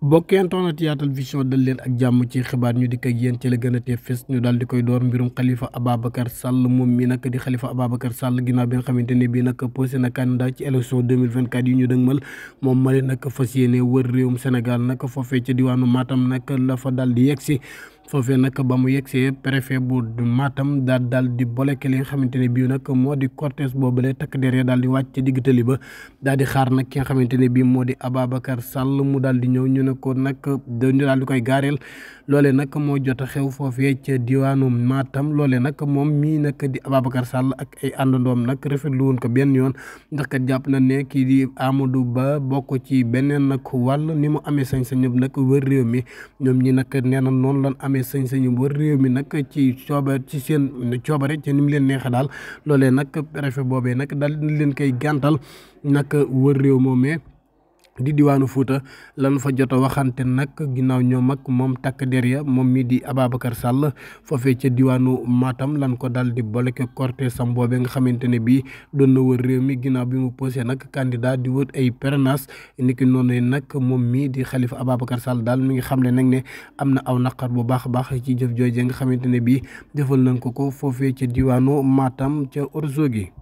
bokkentoona Yatal Vision dal leen ak jàmm ci xibaar ñu dikk ak yéen ci la gën a tee fes ñu daal di koy door mbirum Khalifa Ababacar Sall moom mi nag di Khalifa Ababacar Sall ginnaaw bi nga xamante ne bii nag posé na candidat ci élection 2024 yi ñu dëgmal moom ma leen nag fas yéene wër réewum Sénégal nag foofee ca diwaanu Matam nag la fa dal di yegg si foofee nag ba mu yegsee préfet bu Matam daal dal di boleke li nga xamante ne bii nag moo di cortège boobule takk derrière daal di wàcc ci digg tali ba dal di xaar nag ki nga xamante ne bii moo di Ababacar sàll mu daal di ñëw ñu ne ko nag dañu daal di koy gaareel loolee nag moo jot a xew foofee ca diwaanu Matam loolee nag moom mii nag di Ababacar Sall ak àndandoom nag rafetlu woon ko benn yoon ndax kat jàpp na ne kii di Amadou Ba bokk ci beneen nag wàll ni mu amee sañ-sañam nag wër réew mi ñoom ñi nag nee na noonu amee amee sañ-sañu wër réew mi nag ci coobare ci seen coobare ci ni mu leen neexee daal loolee nag préfet boobee nag dal di leen koy gàntal nag wër réew moomee di diwaanu Fuuta lan fa jot a waxante nag ginnaaw ñoom ak moom takk der ya moom mii di Ababacar Sall foofee ca diwaanu maatam lan ko daal di bloqué cortège sam boobe nga xamante ne bii doon na wër réew mi ginnaaw bi mu posé nag candidat di wër ay parrainage ki noonu nag moom mii di Khalifa Ababacar Sall daal mi ngi xam ne nag ne am na aw naqar bu baax a baax ci jëf jooje nga xamante ne bii defal nañ ko ko foofee ca diwaanu maatam ca orzo gi